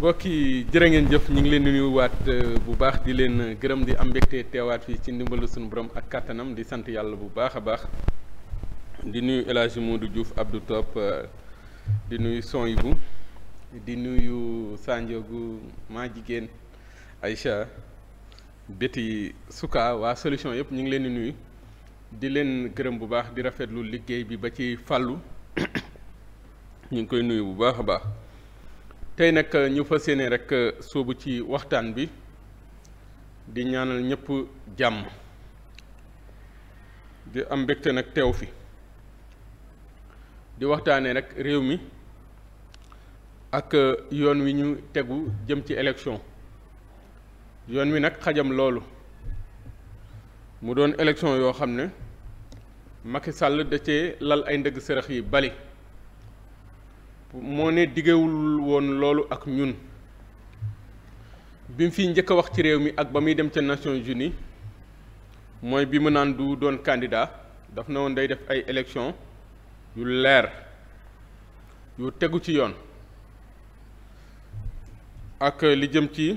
mbokk yi jërë ngeen jëf ñu ngi leen di waat euh, bu baax di leen gërëm di am mbégte teewaat fii ci ndimbalu suñu borom ak kattanam di sant yàlla bu baax a baax di nuyu El Hadj juuf ab du Top euh, di nuyu Sonyibou di nuyu gu maa jigéen ay Aïcha Betty Souka waa solution yëpp ñu ngi leen di nuyu di leen gërëm bu baax di rafetlu liggéey bi ba ci fàllu ñu ngi koy nuyu bu baax a baax. tey nag euh, ñu fa yéene rek euh, soobu ci waxtaan bi di ñaanal ñëpp jàmm di am mbégte nag teew fi di waxtaanee rek réew mi ak euh, yoon wi ñu tegu jëm ci élection yoon wi nag xajam loolu mu doon élection yoo xam ne Macky Sall da cee lal ay ndëgg sërëx yi bali moo ne diggewul woon loolu ak ñun bi mu fi njëkk a wax ci réew mi ak ba muy dem ca Nations Unies mooy bi mu naan du doon candidat daf na woon day def ay élections yu leer yu tegu ci yoon ak li jëm ci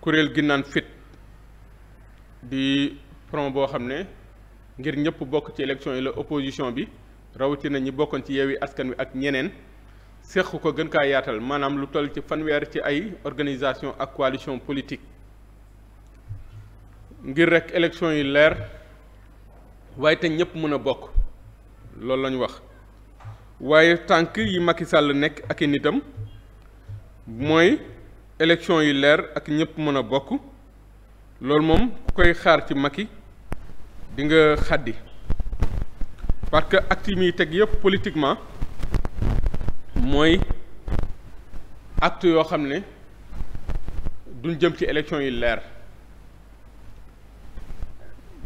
kuréel gi naan fit di front boo xam ne ngir ñëpp bokk ci élection yi la opposition bi rawatina ñi bokkoon ci Yewwi Askan Wi ak ñeneen séq ko gën kaa yaatal maanaam lu toll ci fanweer ci ay organisation ak coalition politique ngir rek élection yu leer waaye te ñëpp mën a bokk loolu la wax waaye tànk yi Macky Sall nekk ak i nitam mooy élection yi leer ak ñëpp mën a bokk loolu moom ku koy xaar ci Macky di nga xàddi parce que acte teg yëpp politiquement mooy acte yoo xam ne duñ jëm ci élection yi leer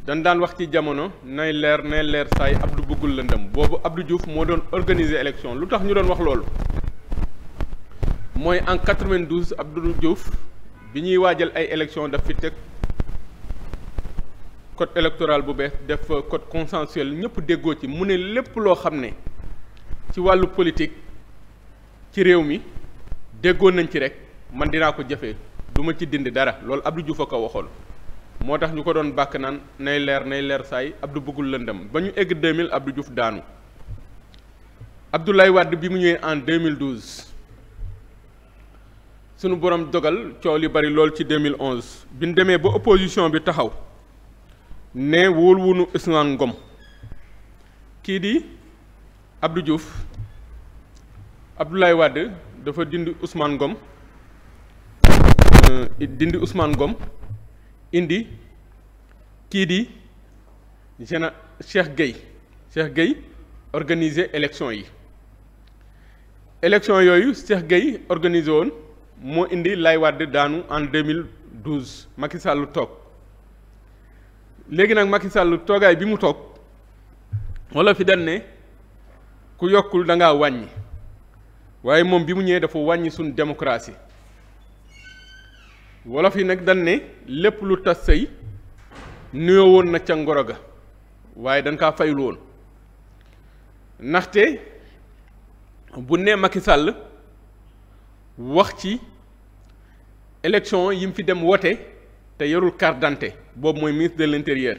dañ daan wax ci jamono nay leer nay leer saay Abdou bëggul lëndëm boobu Abdou Diouf moo doon organiser élection lu tax ñu doon wax loolu mooy en 92 Abdou Diouf bi ñuy waajal ay élection daf fi teg code électoral bu bees def code consensuel ñëpp déggoo ci mu ne lépp loo xam ne ci wàllu politique ci réew mi déggoo nañ ci rek man dinaa ko jëfee du ma ci dindi dara loolu Abdou Diouf a ko waxoon moo tax ñu ko doon bàkk naan nay leer nay leer saay Abdou bëggul lëndëm ba ñu egg 2000 Abdou Diouf daanu Abdoulaye wàdd bi mu ñëwee en 2012 sunu borom dogal coow li bari lool ci 2011 bi ñu demee ba opposition bi taxaw. ne wóol wunu Ousmane Ngom kii di Abdou Diouf Abdoulaye Wade dafa dindi usmaan Ngom euh, dindi Ousmane Ngom indi kii di général Cheikh Gueye Cheikh Gueye organise élection yi élection yooyu Cheikh Gueye organise woon moo indi Laye Wade daanu en 2012 Macky Sall toog léegi nag Macky Sall toogaay bi mu toog wala fi dañ ne ku yokkul dangaa ngaa wàññi waaye moom bi mu ñëwee dafa wàññi suñ démocratie wolof yi nag dañ ne lépp lu tas sëy nuyoo woon na ca ngoro ga waaye dañ kaa fayul woon ndaxte bu ne Macky Sall wax ci élection yi mu fi dem woote te yorul carte d'identité boobu mooy ministre de l'intérieur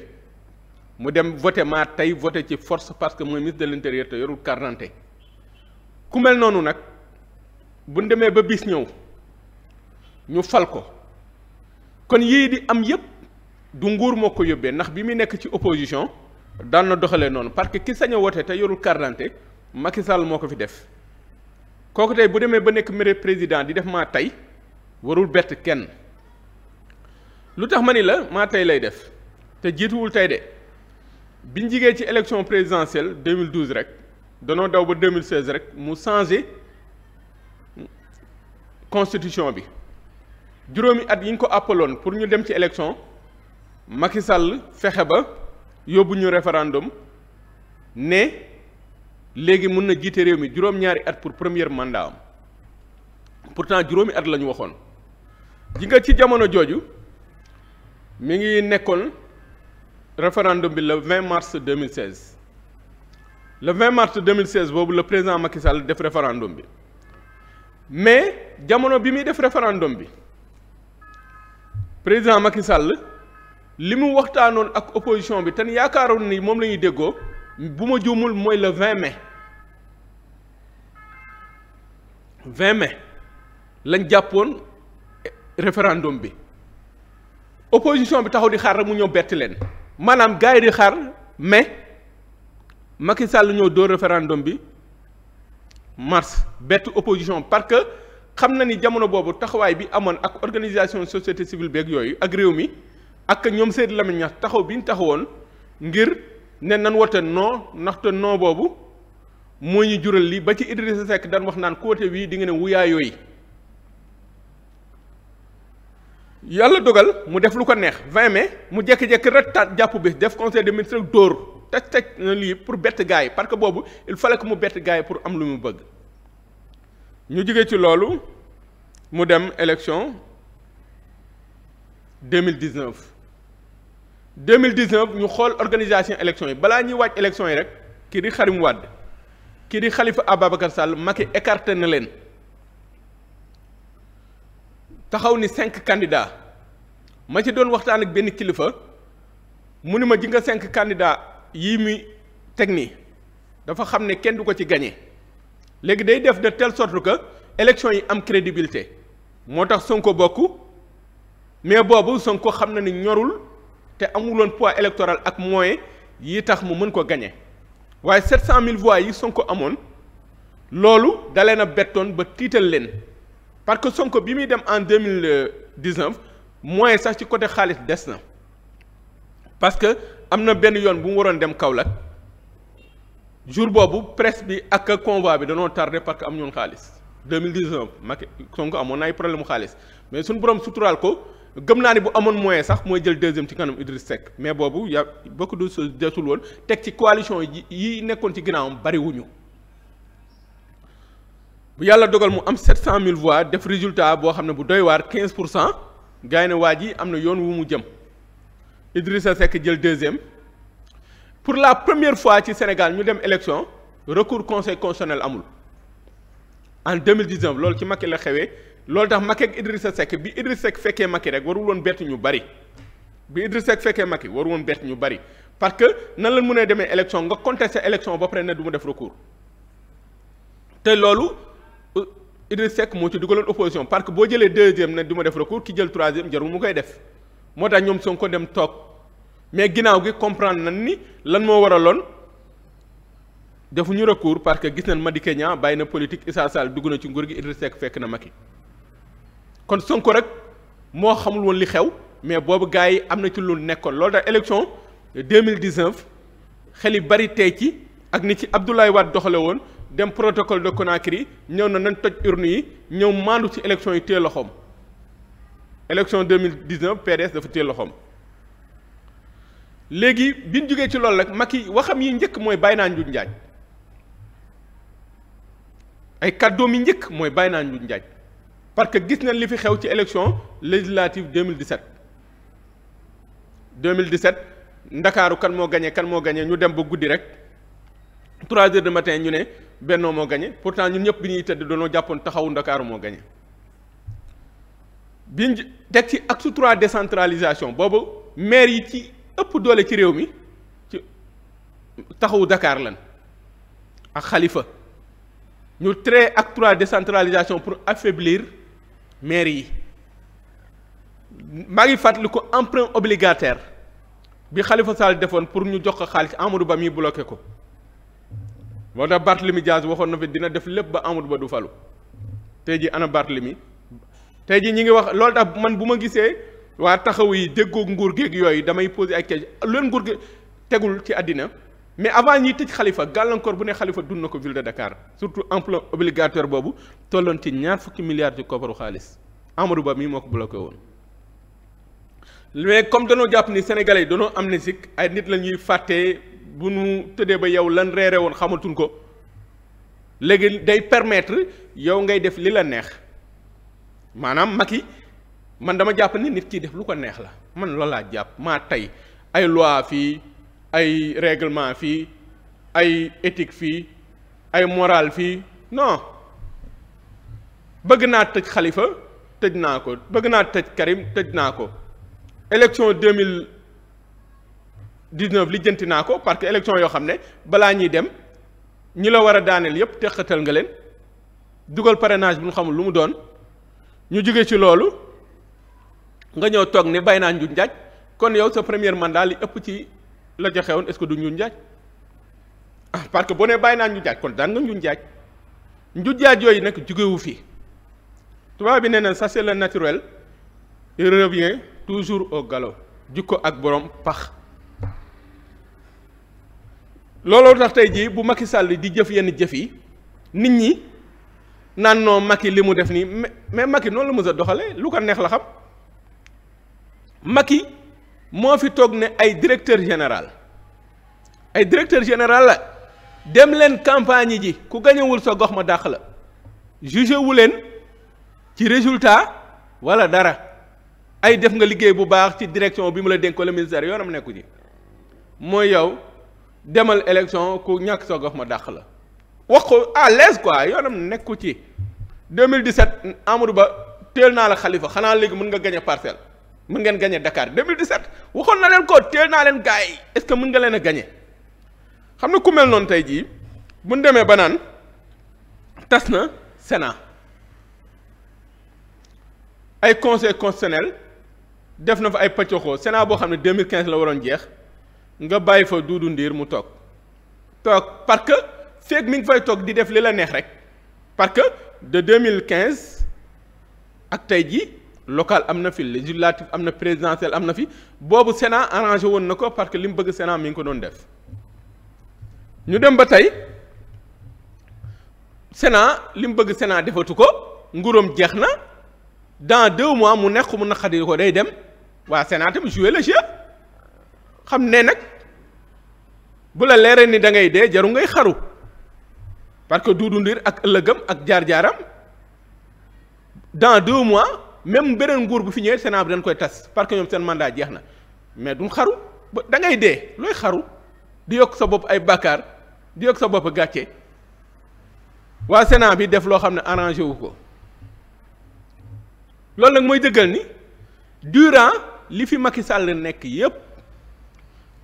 mu dem voté maa tey voté ci force parce que mooy ministre de l'intérieur te yorul carte ku mel noonu nag buñ demee ba bis ñëw ñu fal ko kon yii di am yépp du nguur moo ko yóbbee ndax bi muy nekk ci opposition daan na doxalee noonu parce que ki sañ a wote te yorul carte d'identité Macky Sall moo ko fi def kooku tey bu demee ba nekk maire président di def ma tey warul bett kenn lu tax ma ni la maa tey lay def te jiituwul tey de biñ jigee ci élection présidentielle 2012 rek danoo daw ba 2016 rek mu changé constitution bi juróomi at yi ñu ko àppaloon pour ñu dem ci élection Macky Sall fexe ba yóbbu ñu référendum ne léegi mun na jiite réew mi juróom-ñaari at pour première mandat am pourtant juróomi at lañu waxoon ji nga ci jamono jooju. mi ngi nekkoon référendum bi le 20 mars 2016 le 20 mars 2016 boobu la président Macky Sall def référendum bi mais jamono bi muy def référendum bi président Macky Sall li mu waxtaanoon ak opposition bi te yaakaaroon ni moom lañuy ñuy déggoo bu ma juumul mooy le 20 mai 20 mai lañ jàppoon référendum bi. opposition bi taxaw di xaar rek mu ñëw bett leen maanaam gars di xaar mais Macky Sall ñëw dóor référendum bi mars bett opposition parce que xam na ni jamono boobu taxawaay bi amoon ak organisation société civile beeg yooyu ak réew mi ak ñoom Seydou Lamine Niass taxaw bi ñu taxawoon ngir ne nan wote non ndaxte non boobu moo ñu jural lii ba ci Idrissa Seck dan wax naan côté wii di nga ne wuyaa yooyu yàlla dogal mu def lu ko neex 20 mai mu jékki-jékki rek taat jàpp bi def conseil des ministres dóor tej tej na lii pour bett gars yi parce que boobu il fale que mu bett gars yi pour am lu mu bëgg ñu jógee ci loolu mu dem deux mille élection 2019 2019 ñu xool organisation élection yi balaa ñuy waaj élection yi rek kii di Karim Wade kii di Khalifa Ababacar Sall Macky écarté na leen. taxaw ni cinq candidats ma ci doon waxtaan ak benn kilifa mu ni ma ji nga cinq candidats yii muy teg nii dafa xam ne kenn du ko ci gagné léegi day def de telle sorte que élection yi am crédibilité moo tax Sonko bokk mais boobu Sonko xam na ni ñorul te amuloon poids électoral ak moyen yi tax mu mën ko gagné waaye 700000 voix yi ko amoon loolu dalee na bettoon ba tiital leen. parce que Sonko bi muy dem en deux mille dix neuf moyen sax ci côté xaalis des na parce que am na benn yoon bu mu waroon dem Kaolack jour boobu presse bi ak convoi bi danoo tardé parce que am ñoon xaalis deux mille dix neuf Macky amoon na ay problème xaalis mais suñu borom suturaal ko gëm naa ne bu amoon moyen sax mooy jël deuxième ci kanam Idriss Seck mais boobu y' a beaucoup de desul woon teg ci coalition yi yi nekkoon ci ginnaawam bariwuñu bu yàlla dogal mu am 700000 voix def résultat boo xam ne bu doy waar 15 pour cent gaay ne waa ji am na yoon wu mu jëm Idrissa Seck jël deuxième pour la première fois ci Sénégal ñu dem élection recours conseil constitutionnel amul en 2019 loolu ci Macky la xewee loolu tax Macky ak Idrissa Seck bi Idrissa Seck fekkee Macky rek warul woon bett ñu bari bi Idrissa Seck fekkee Macky warul woon bett ñu bari parce que nan la mën a demee élection nga contesté élection ba pare ne du mu def recours te loolu. Idriss Seck moo ci dugaloon opposition parce que boo jëlee deuxième ne du ma def recours ki jël troisième jarul mu koy def moo tax ñoom Sonko dem toog mais ginnaaw gi comprendre nañ ni lan moo waraloon defuñu recours parce que gis nañ Madické Niang bàyyi na politique Issa Sall dugg na ci nguur gi Idriss Seck fekk na Macky kon sonk rek moo xamul woon li xew mais boobu gars yi am na ci lu nekkoon loolu tax élection 2019 xel yi bari tey ci ak ni ci Abdoulaye waat doxale woon dem protocole de Conakry ñëw na nañ toj urne yi ñëw maandu ci élection yi téye loxoom élection 2019 PDS dafa téye loxoom léegi bi ñu jógee ci loolu rek yi waxam yi njëkk mooy bàyyi naa njuñ njaaj ay kàddoom yi njëkk mooy bàyyi naa njuñ njaaj parce que gis nañ li fi xew ci élection législative 2017 2017 ndakaaru kan moo gañe kan moo gañee ñu dem ba guddi rek 3 heures du matin ñu ne bennoo moo gañe pourtant ñun ñëpp bi ñuy tëdd dañoo jàppoon taxawu ndakaaru moo gañe biñ teg ci acte trois décentralisation boobu maire yi ci ëpp doole ci réew mi ci taxawu Dakar lan ak xalifa ñu créé acte trois décentralisation pour affaiblir maire yi maa ngi fàttali ko emprunt obligataire bi xalifa Sall defoon pour ñu jox ko xaalis Amadou Ba mi bloqué ko moo tax Barthélemy Diaz waxoon na fi dina def lépp ba Amadou Ba du falu tey ji ana Barthélemy tey ji ñi ngi wax loolu tax man bu ma gisee waa taxaw yi déggoog nguur géeg yooyu damay posé ay question leen nguur gi tegul ci àddina mais avant ñiy tëj xalifa gàllankoor bu ne xalifa dund na ko ville de Dakar surtout emploi obligatoire boobu tolloon ci ñaar fukki milliards ci kopparu xaalis Amadou Ba mii moo ko bloqué woon mais comme danoo jàpp ni sénégalais yi danoo amnésique ay nit la ñuy fàttee bu nu tëddee ba yow lan reere woon xamatuñ ko léegi day permettre yow ngay def li la neex maanaam Macky man dama jàpp ni nit ki def lu ko neex la man loolu laa jàpp maa tey ay loi fii ay règlement fii ay éthique fii ay morale fii non bëgg naa tëj xalifa tëj naa ko bëgg naa tëj Karim tëj naa ko élection 19 lijjanti naa ko parce que élection yoo xam ne balaa ñuy dem ñi la war a daaneel yépp te xëtal nga leen dugal parrainage bu ñu xamul lu mu doon ñu jóge ci loolu nga ñëw toog ne bay naa njuñ njaaj kon yow sa premier mandat li ëpp ci la ca xewoon est-ce que du njuñ njaaj ah parce que boo nee bàyyi naa njuñ njaaj kon daan nga njuñ njaaj njuñ njaaj yooyu nag jugewu fi tubaab bi nee na ça c'est le naturel il revient toujours au galop jikko ak borom pax looloo tax tey jii bu Macky sàll di jëf yenn jëf yi nit ñi naan noo Macky li mu def nii mais Macky noonu la mës a doxalee lu ko neex la xam Macky moo fi toog ne ay directeur général ay directeur général la dem leen campagne ji ku gañewul sa gox ma dàq la jugé wu leen ci résultat wala dara ay def nga liggéey bu baax ci direction bi mu la dénk wala ministère yoonam nekku ji mooy yow demal élection ku ñàkk soo gox ma dàq la wax ko à l'aise quoi yoonam nekku ci 2017 Amadou Ba teel naa la Khalifa xanaa léegi mën nga gañe parcelle mun ngeen gañe Dakar 2017 waxoon na leen ko teel naa leen gars yi est-ce que nga leen a gañe xam ne ku mel noonu tey jii mun ñu demee ba naan tas na sena ay conseil constitutionnel def na fa ay pàccoxoo Sénat boo xam ne 2015 la waroon jeex. nga bàyyi fa duudu ndiir mu toog toog parce que feeg mi ngi fay toog di def li la neex rek parce que de quinze ak tey jii local am na fi législatif am na présidentiel am na fi boobu Sénat arrangé woon na ko parce que li mu bëgg Sénat mi ngi ko doon def ñu dem ba tey Sénat li mu bëgg Sénat defatu ko nguróom jeex na dans deux mois mu nekk mu naqari ko day dem waa Sénat tamit joué le xam ne nag bu la leeree ni da ngay dee jaru ngay xaru parce que Doudou Ndir ak ëllëgam ak jaar-jaaram dans deux mois même beneen nguur bu fi ñëwee Sénat bi dañ koy tas parce que ñoom seen mandat jeex na mais du xaru ba da ngay dee looy xaru di yokk sa bopp ay bàkkaar di yokk sa bopp gàcce waa Sénat bi def loo xam ne arrangé wu ko loolu nag mooy dëggal ni durant li fi Macky Sall nekk yépp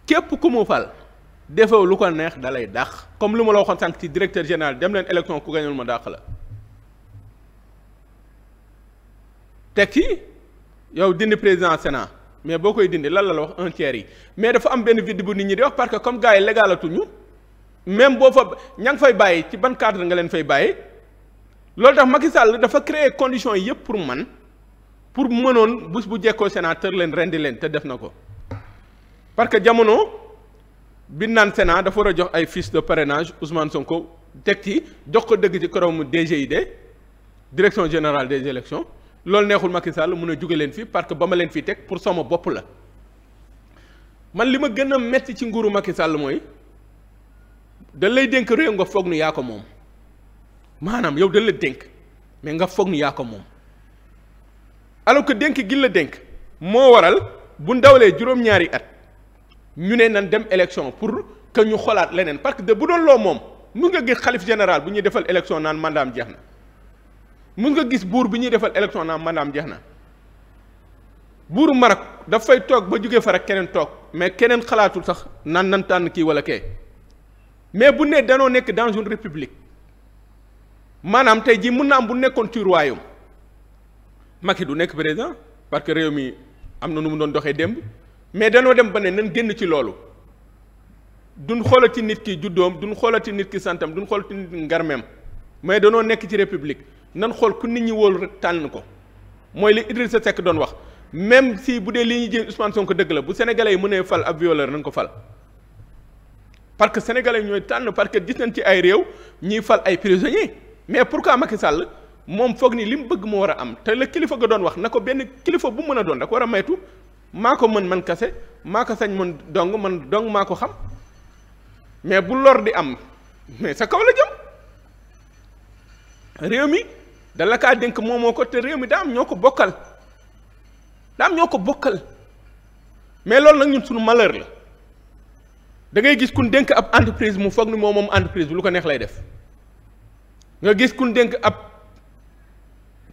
képp ku mu fal defew lu ko neex dalay lay dàq comme lu ma la waxoon sànq ci directeur général dem leen élection ku gañul ma dàq la te kii yow dindi président Sénat mais boo koy dindi lal la la wax un tiers yi mais dafa am benn vide bu nit ñi di wax parce que comme gars yi légalatuñu même boo fa ña nga fay bàyyi ci ban cadre nga leen fay bàyyi loolu tax Macky Sall dafa créer conditions yëpp pour man pour mënoon bés bu jekkoo sénateur leen rendi leen te def na ko. parce que jamono bi naan Sénat dafa war a jox ay fiches de parrainage Ousmane Sonko teg ci jox ko dëgg ci koromu de direction générale des élections loolu neexul Macky sàll mun a jóge leen fii parce que ba ma leen fii teg pour sama bopp la man li ma gën a metti ci nguuru Macky sàll mooy da lay dénk réew nga foog ni yaa ko moom maanaam yow da la dénk mais nga foog ni yaa ko moom alors que dénk gi la dénk moo waral bu ndawlee juróom-ñaari at ñu ne nan dem élection pour ka ñu xolaat leneen parce que de bu doon loo moom mun nga gis xalif général bu ñuy defal élection naan mandaam jeex na mun nga gis buur bu ñuy defal élection naan mandaam jeex na buur Maroc daf fay toog ba jógee far rek keneen toog mais keneen xalaatul sax nan nan tànn kii wala kee mais bu ne danoo nekk dans une république maanaam tey jii mun na am bu nekkoon ci royaume yi du nekk président parce que réew mi am na nu mu doon doxee démb. mais danoo dem ba ne nan génn ci loolu duñ xoolati nit ki juddoom duñ xoolati nit ki santam duñ xoolati nit ki ngarmeem mais danoo nekk ci république nan xool ku nit ñi wóolu rek tànn ko mooy li sa Seck doon wax même si bu dee li ñuy jëm Ousmane Sonko dëgg la bu sénégalais yi mënee fal ab violeur nañ ko fal parce que sénégalais ñooy tànn parce que gis nañ ci ay réew ñuy fal ay prisonniers mais pourquoi Macky sàll moom foog nii li mu bëgg mu war a am te la kilifa ga doon wax na ko benn kilifa bu mën a doon rek war a maytu maa ko mën man kase maa ko sañ man dong man dong maa ko xam mais bu lor di am mais sa kaw la jëm réew mi da la kaa dénk moomoo ko te réew mi daa am ñoo ko bokkal daa am ñoo ko bokkal mais loolu nag ñun suñu malheur la da gis kun dénk ab entreprise mu foog ni moom moom entreprise bi lu ko neex lay def nga gis kun dénk ab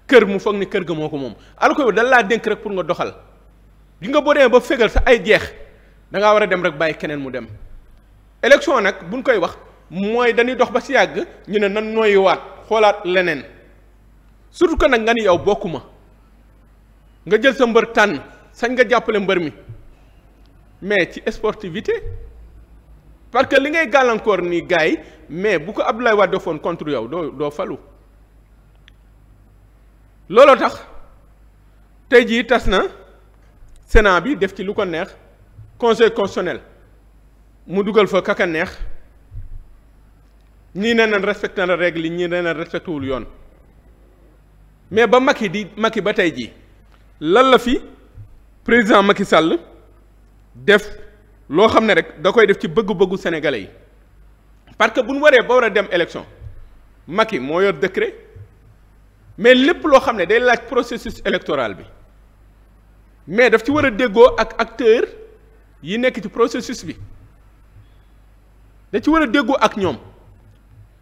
kër mu foog ni kër ga moo ko moom al ko yow laa dénk rek pour nga doxal di nga boo demee ba fégal sa ay jeex da ngaa war a dem rek bàyyi keneen mu dem élection nag buñ koy wax mooy dañuy dox ba si yàgg ñu ne nan nooyuwaat xoolaat leneen surtout que nag nga ni yow ma nga jël sa mbër tànn sañ nga jàppale mbër mi mais ci esportivité parce que li ngay gàllankoor nii gars yi mais bu ko Abdoulaye Wade defoon contre yow doo doo falu looloo tax tey jii tas na. Sénat bi def ci lu ko neex conseil constitutionnel mu dugal fa kakaneex neex ñii nee nañ respecté na règle yi ñii nee nañ wul yoon mais ba Macky di Macky ba tey jii lan la fi président Macky sàll def loo xam ne rek da koy def ci bëgg-bëggu sénégalais yi parce que bu ñu waree ba war a dem élection Macky moo yor décret mais lépp loo xam ne day laaj processus électoral bi. mais daf ci war a déggoo ak acteur yi nekk ci processus bi da ci war a déggoo ak ñoom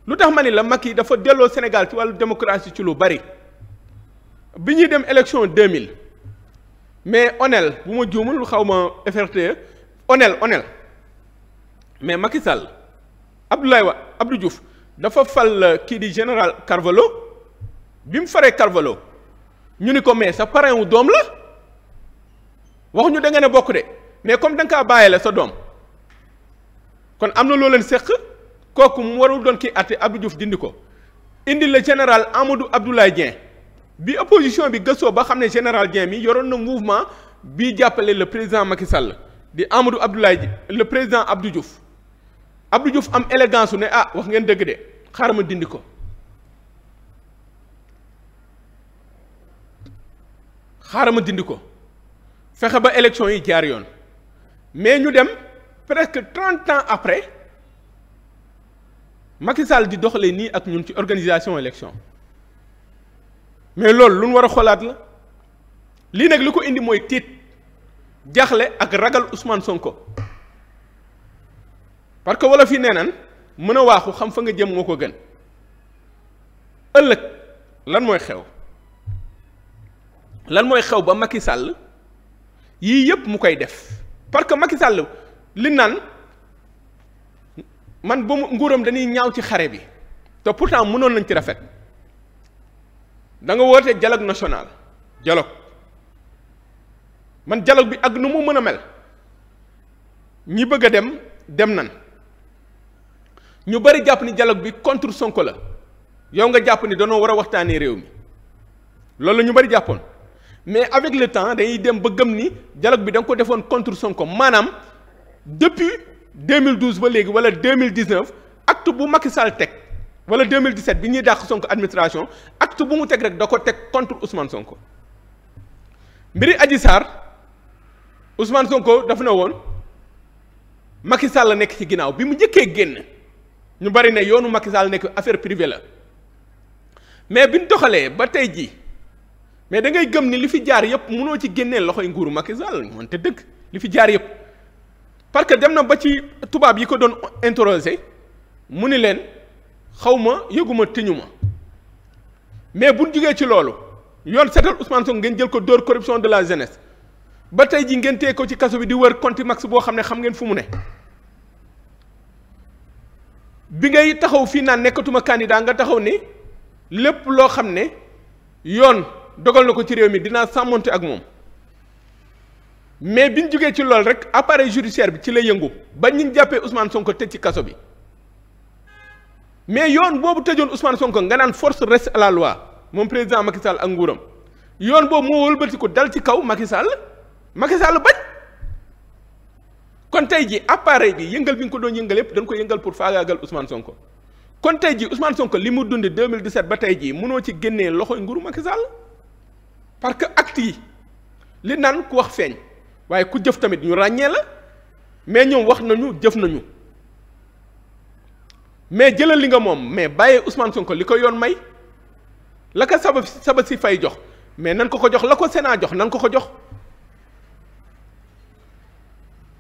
lu tax ma ni la yi dafa delloo Sénégal ci wàllu démocratie ci lu bari bi ñuy dem élection 2000 mais onel bu ma juumul xaw ma FRT onel onel mais Macky Sall Abdoulaye Wade Abdou Diouf dafa fal euh, kii di général Carvalho bi mu faree Carvalho ñu ni ko mais sa parrain wu doom la waxuñu da nga ne bokk de mais comme da nga kaa bàyyi la sa doom kon am na loo leen séq kooku mu warul doon kii àtte Abdou Diouf dindi ko indi la général Amadou Abdoulaye Dieng bi opposition bi gëstoo ba xam ne général Dieng mi yoroon na mouvement bi jàppale le président Macky Sall di Amadou Abdoulaye le président Abdou Diouf Abdou Diouf am élégance su ne ah wax ngeen dëgg de xaaral ma dindi ko xaaral ma dindi ko. fexe ba élection yi jaar yoon mais ñu dem presque trente ans après Macky Sall di doxalee nii ak ñun ci organisation élection mais loolu lu ñu war a xoolaat la lii nag li ko indi mooy tiit jaxle ak ragal Ousmane ko parce que wala fi nee naan mën a waaxu xam fa nga jëm moo ko gën ëllëg lan mooy xew lan mooy xew ba Macky Sall. yii yëpp mu koy def parce que Macky Sall li naan man ba mu nguuram dañuy ñaaw ci xare bi te pourtant mënoon nañ ci rafet danga nga woote dialogue national dialogue man dialogue bi ak nu mu mën a mel ñi bëgg a dem dem nan ñu bari jàpp ni dialogue bi contre Sonko la yow nga jàpp ni danoo war a waxtaanee réew mi loolu ñu bari jàppoon. mais avec le temps dañuy dem ba gëm ni dialogue bi danga nga ko defoon contre Sonko maanaam depuis 2012 ba léegi wala 2019 acte bu Macky Sall teg wala 2017 bi ñuy dàq Sonko administration acte bu mu teg rek da ko teg contre Ousmane Sonko mbiri Adji Sarr Ousmane Sonko daf na woon Macky Sall nekk ci ginnaaw bi mu njëkkee génn ñu bari ne yoonu Macky nekk affaire privée la mais bi ñu doxalee ba tey jii. mais da ngay gëm ni li fi jaar yëpp mënoo ci génneel loxoy nguuru Macky Sall moonte dëkk li fi jaar yëpp parce que dem na ba ci tubaab yi ko doon interroger mu ni leen xaw ma yëguma tiñu ma mais buñ jugee ci loolu yoon setal Ousmane Sonko ngeen jël ko dóor corruption de la jeunesse ba tey ji ngeen tee ko ci kaso bi di wër compte max boo xam ne xam ngeen fu mu ne bi ngay taxaw fii naa nekkatuma candidat nga taxaw ni lépp loo xam ne yoon dogal na ko ci réew mi dinaa sàmmonte ak moom mais bi ñu jógee ci lool rek appareil judiciaire bi ci la yëngu ba ñu jàppee Ousmane Sonko tëj ci kaso bi mais yoon boobu tëjoon Ousmane Sonko nga naan force reste à la loi moom président Macky Sall ak nguuram yoon boobu moo wëlbatiku dal ci kaw Macky Sall Macky Sall bañ kon tey ji appareil bi yëngal bi nga ko doon yëngal yëpp dañ ko yëngal pour faagaagal Ousmane Sonko kon tey ji Ousmane Sonko li mu dundi 2017 ba tey jii mënoo ci génnee loxoy nguuru Macky Sall parce que acte yi li naan ku wax feeñ waaye ku jëf tamit ñu ràññee la mais ñoom wax nañu jëf nañu mais jëlal li nga moom mais bàyyee bàyyi Ousmane ko li ko yoon may la ko saba saba si fay jox mais nan ko ko jox la ko senaa jox nan ko ko jox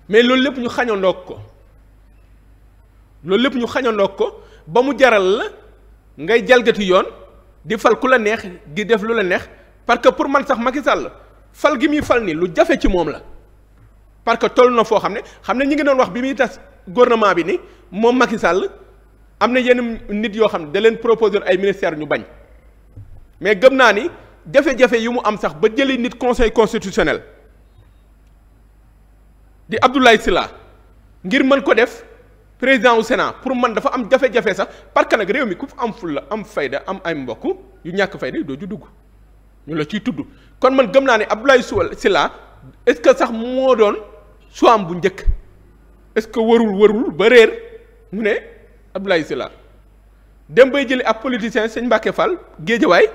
mais loolu lépp ñu xañandoo ko loolu lépp ñu xañandoo ko ba mu jaral la ngay jalgati yoon di fal ku la neex di def lu la neex parce que pour man sax Macky la fal gi muy fal ni lu jafe ci moom la parce que toll na foo xam ne xam ne ñu ngi doon wax bi muy tas gouvernement bi ni moom Macky Sall am na yenn nit yoo xam ne da leen proposer ay ministères ñu bañ mais gëm naa ni jafe-jafe yi mu am sax ba jëli nit conseil constitutionnel di Abdoulaye Sylla ngir mën ko def président wu Sénat pour man dafa am jafe-jafe sax parce que nag réew mi ku am fulla am fayda am ay mbokk yu ñàkk fayda doo ju dugg ñu la ciy tudd kon man gëm naa ne Abdoulaye Sylla est-ce que sax moo doon am bu njëkk est-ce que warul warul ba réer mu ne Abdoulaye Sylla dem bay jële ab politicien sëñ Mbàkke Fall géejawaay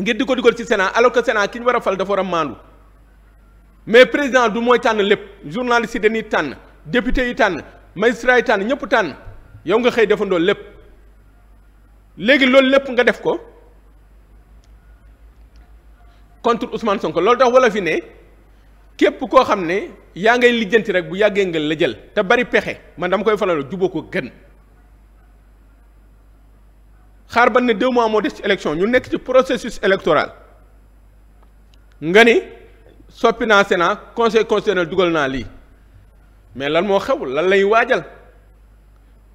ngir di ko dugal ci Sénat alors que Sénat ki ñu war a fal dafa war a maandu mais président du mooy tànn lépp journaliste yi dañuy tànn député yi tànn magistrat yi tànn ñëpp tànn yow nga xëy defandoo lépp léegi loolu lépp nga def ko contre Ousmane Sonko loolu tax wala fi ne képp koo xam ne yaa ngay lijjanti rek bu yàggee nga la jël te bari pexe man dama koy falal juboo ko gën xaar ban ne deux mois moo des ci élection ñu nekk ci processus électoral nga ni soppi naa Sénat conseil constitutionnel dugal naa lii mais lan moo xew lan lay waajal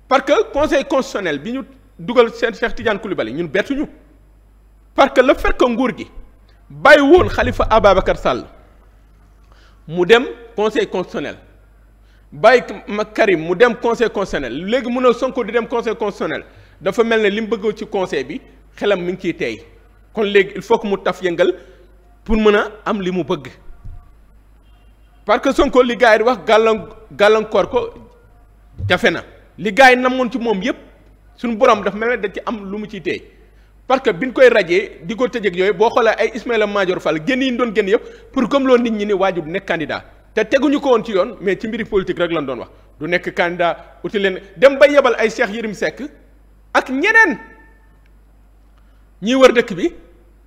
parce que conseil constitutionnel bi ñu dugal seen Cheikh Tidiane Coulibaly ñun bettuñu parce que le fait nguur gi. bàyyi woon xalifa Ababacar Sall mu dem conseil constitutionnel bàyyi Karim mu dem conseil constitutionnel léegi mun a Sonko di dem conseil constitutionnel dafa mel ne li mu bëgg ci conseil bi xelam mi ngi ciy tey kon léegi il faut que mu taf yëngal pour mën a am li mu bëgg parce que Sonko li gars yi di wax gàllan gàllankoor ko jafe na li gars yi namoon ci moom yépp suñu borom dafa mel ne da ci am lu mu ciy teey parce que bi biñ koy rajee di ko tëjëg yooyu boo xoolee ay Ismaïla Madior Fall génn yi ñu doon génn yëpp pour gëmloo nit ñi ni waajur nekk candidat te teguñu ko woon ci yoon mais ci mbiri politique rek lañ doon wax du nekk candidat uti leen dem ba yebal ay Cheikh Yérim sekk ak ñeneen ñiy war dëkk bi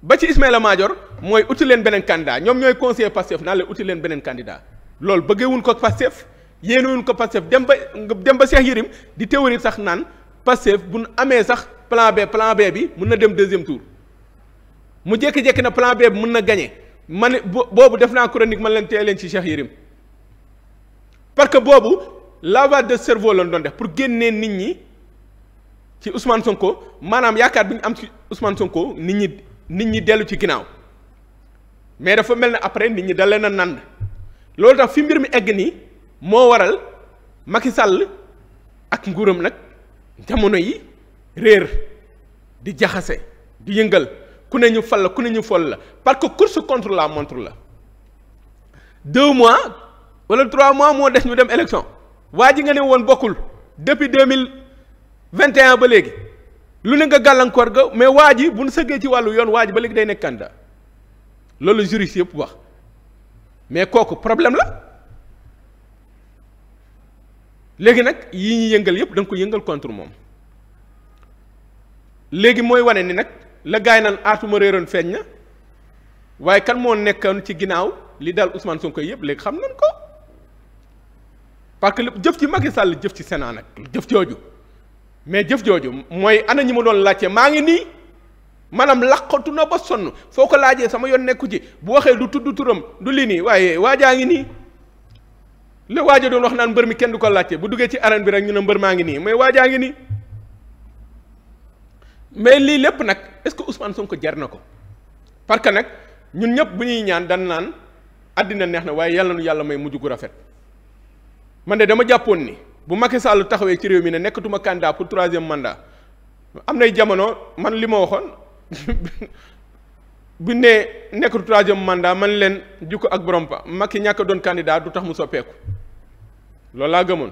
ba ci Ismaïla major mooy uti leen beneen candidat ñoom ñooy conseiller Pastef naan la uti leen beneen candidat loolu bëggewuñ ko Pastef yéenewuñ ko Pastef dem ba dem ba Cheikh Yérim di théorie sax naan Pastef buñ amee sax plan B plan B bi mun na dem deuxième tour mu jékki-jékki na plan B bi mun na gagné bo boobu def naa chronique man leen tee leen ci Cheikh Yérim parce que boobu lavage de cerveau lañ doon def pour génnee nit ñi ci Ousmane Sonko maanaam yaakaar bi ñu am ci Ousmane Sonko nit ñi nit ñi dellu ci ginnaaw mais dafa mel ne après nit ñi dalee na nand loolu tax fi mbir mi egg ni moo waral Macky Sall ak nguuram nag jamono yi. réer di jaxase di yëngal ku ne ñu fal la ku ne ñu fol la parce que course contre la montre la deux mois walla trois mois moo des ñu dem élection waa ji nga ne woon bokkul depuis deux mille vingt et un ba léegi lu ne nga gàllankoor ga mais waa ji bu nu sëggee ci wàllu yoon waa ji ba léegi day nekk candidat loolu juriste yëpp wax mais kooku problème la léegi nag yii ñu yëngal yëpp da ko yëngal contre moom. léegi mooy wane ni nag la gaay naan aatuma réeroon feeñ na waaye kan moo nekkoon ci ginnaaw li daal Ousmane ko yëpp léegi xam nañ ko parce que jëf ci Macky Sall jëf ci Sénat nag jëf jooju mais jëf jooju mooy ana ñi ma doon laajte maa ngi nii maanaam laqatu na ba sonn foo ko laajee sama yoon nekku ci bu waxee du tudd turam du lii nii waaye waajaa ngi nii la waaja doon wax naan mbër mi kenn du ko laajte bu duggee ci arène bi rek ñu ne mbër maa ngi ni mais waajaa ngi nii. mais lii lépp nag est-ce que Ousmane Sonko jar na ko parce que nag ñun ñëpp bu ñuy ñaan dan naan àddina neex na waaye yàlla nu yàlla may mujj gu rafet man de dama jàppoon ni bu Macky Sall taxawee ci réew mi ne nekkatuma candidat pour troisième mandat am nay jamono man li ma waxoon bu ne nekkatu troisième mandat man leen jukko ak borom pa Macky ñàkk doon candidat du tax mu soppeeku loolu laa gëmoon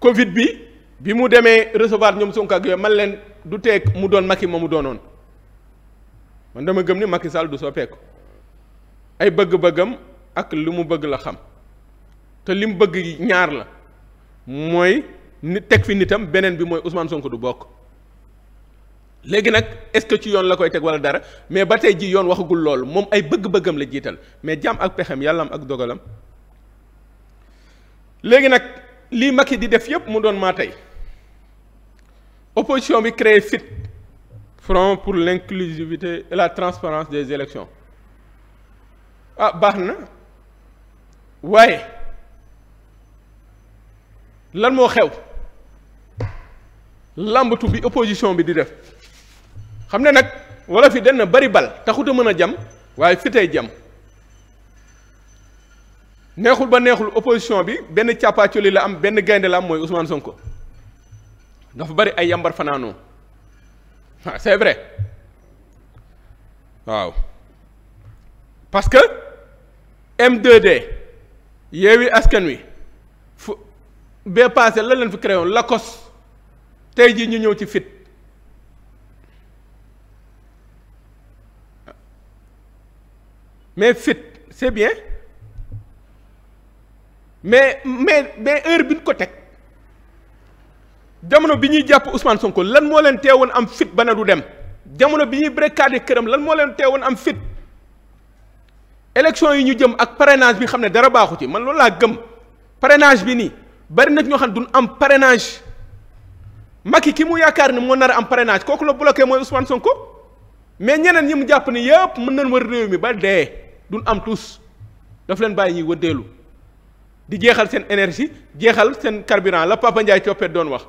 Covid bi. bi mu demee recevoir ñoom Sonko ak man leen du teeg mu doon Macky mu doonoon man dama gëm ni Macky Sall du soppeeku ay bëgg-bëggam ak li mu bëgg la xam te li mu bëgg ñaar la mooy nit teg fi nitam beneen bi mooy Ousmane Sonko du bokk léegi nag est-ce que ci yoon la koy teg wala dara mais ba tey ji yoon waxagul loolu moom ay bëgg-bëggam la jiital mais jàmm ak pexem yàllam ak dogalam léegi nag lii Macky di def yépp mu doon maa tey opposition bi créer FIT front pour l'inclusivité et la transparence des élections ah baax na waaye lan moo xew làmbatu bi opposition bi di def xam ne nag walla fi na bari bal taxuta mën a jam waaye fitay jam neexul ba neexul opposition bi benn càppaacoli la am benn gaynde la am mooy Ousmane Sonko dafa bari ay yambar fanaanoo ah c'est vrai waaw parce que M2D Yewwi Askan Wi fu bee passé la leen fi créé woon tey jii ñu ñëw ci fit mais fit c'est bien mais mais mais heure bi ñu ko teg. jamono bi ñuy jàpp Ousmane Sonko lan moo leen teewoon am fit ba ne du dem jamono bi ñuy barricade këram lan moo leen teewoon am fit élection yi ñu jëm ak parenage bi xam ne dara baaxu ci man loolu laa gëm parenage bi nii bari na ñoo xam ne duñ am parenage parrainage yi ki mu yaakaar ni moo nar a am parrainage kooku la bloqué mooy Ousmane Sonko mais ñeneen ñi mu jàpp ni yëpp mën nañ war réew mi ba dee du am tous daf leen bàyyi ñuy wëddeelu di jeexal seen énergie jeexal seen carburant la Papa Ndiaye coppet doon wax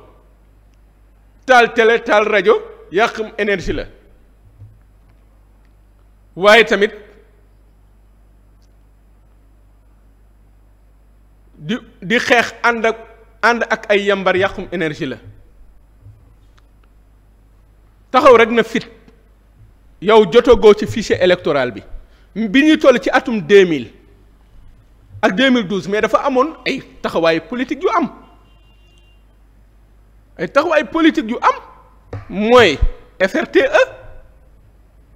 taal télé taal rajo yàqum énergie la waaye tamit di di xeex ànd ànd ak ay yambar yàqum énergie la taxaw rek na fit yow jotagoo ci fichier électoral bi bi ñuy toll ci atum 2000 ak 2012 mais dafa amoon ay taxawaayu politique yu am ay taxawaay politique yu am mooy FRTE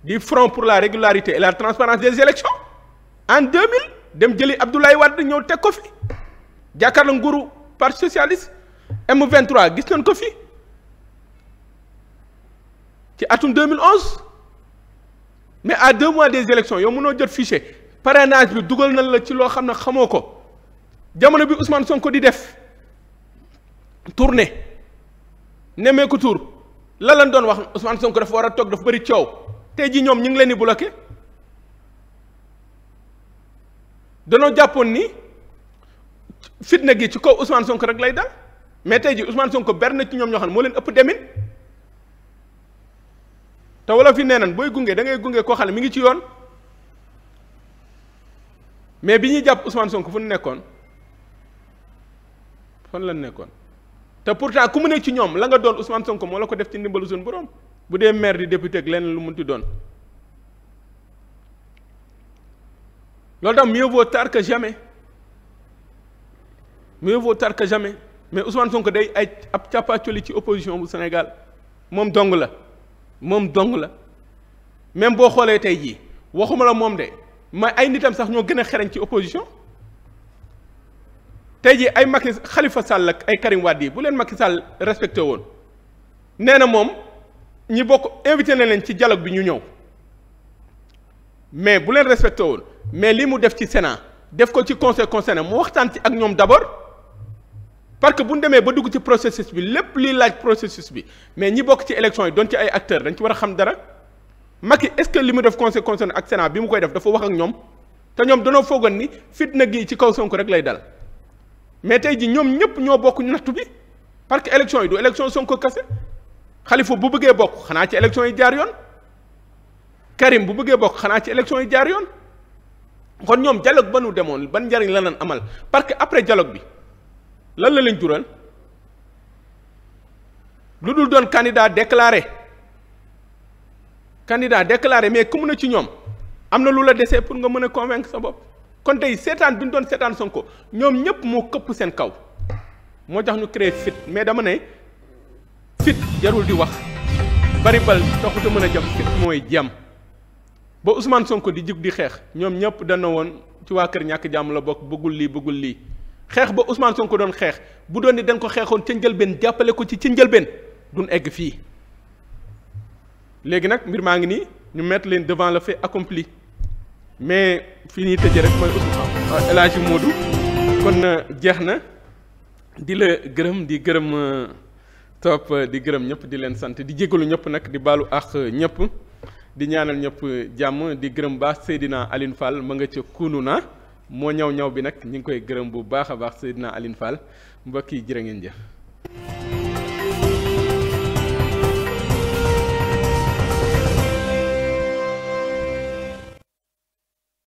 di front pour la régularité et la transparence des élections en 2000 dem jëli Abdoulaye Wade ñëw teg ko fi jàkkaarloo nguuru parti socialiste m gis nañ ko fi ci atum 2011 mais à deux mois des élections yow mënoo jot fichier parrainage bi dugal nañ la ci loo xam ne xamoo ko jamono bi son ko di def tournée. nemmeeku tur la lan doon wax Ousmane Sonko dafa war a toog dafa bëri coow tey jii ñoom ñu ngi leen di bloqué danoo jàppoon ni fitna gi ci kaw Ousmane Sonko rek lay dal mais tey jii Ousmane Sonko ber na ci ñoom ñoo xam ne moo leen ëpp demin te wala fi nee nan booy gunge da ngay gunge koo xam ne mu ngi ci yoon mais bi ñuy jàpp Ousmane Sonko fu nu nekkoon fan la nekkoon. te pourtant ku mu nekk ci ñoom la nga doon Ousmane Sonko moo la ko def ci ndimbalu suñu borom bu dee maire di député ak leneen lu munti doon loolu tam mieux vaut tar que jamais mieux vaut tar que jamais mais Ousmane Sonko day ay ab càppaacoli ci opposition bu Sénégal moom dong la moom dong la même boo xoolee tey jii waxuma la moom de ma ay nitam sax ñoo gën a xereñ ci opposition tey jii ay Macky xalifa Sall ak ay Karim Wade yi bu leen Macky Sall respecté woon nee na moom ñi bokk invité na leen ci dialogue bi ñu ñëw mais bu leen respecté woon mais li mu def ci Sénat def ko ci conseil concerné mu waxtaan ci ak ñoom d'abord parce que bu ñu demee ba dugg ci processus bi lépp liy laaj processus bi mais ñi bokk ci élection yi doon ci ay acteur dañ ci war a xam dara Macky est-ce que li mu def conseil concerné ak Sénat bi mu koy def dafa wax ak ñoom te ñoom danoo foogoon ni fitna gi ci kaw Sonko rek lay dal. mais tey ji ñoom ñëpp ñoo bokk nattu bi parce que élection yi du élection ko kase xalifa bu bëggee bokk xanaa ci élection yi jaar yoon Karim bu bëggee bokk xanaa ci élection yi jaar yoon kon ñoom dialogue ba nu demoon ban njariñ la nan amal parce que après dialogue bi lan la leen jural lu dul doon candidat déclaré candidat déclaré mais ku mun a ci ñoom am na lu la desee pour nga mën a convaincre sa bopp kon tey seetaan duñ doon seetaan Sonko ñoom ñëpp moo këpp seen kaw moo jax ñu créé fit mais dama ne fit jarul di wax bari bal taxut a mën a jam fit mooy jam ba Ousmane Sonko di jug di xeex ñoom ñëpp dana woon ci waa kër ñàkk jàmm la bokk bëggul lii bëggul lii xeex ba usmaan Ousmane ko doon xeex bu doon ni dañ ko xeexoon ca njëlbeen jàppale ko ci ci njëlbeen duñ egg fii léegi nag mbir maa ngi nii ñu mett leen devant le fi accompli mais fi ñuy tëjee rek mooy aussi ah, El Hadj Modou kon euh, jeex na di la gërëm di gërëm euh, topp di gërëm ñëpp di leen sant di jégalu ñëpp nag di baalu ak ñëpp di ñaanal ñëpp jàmm di gërëm baax Seydina Aline Fall mu nga ca kunu na moo ñaw ñaw bi nag ñu ngi koy gërëm bu baax a baax Seydina alin Fall mbokk yi jërë ngeen jëf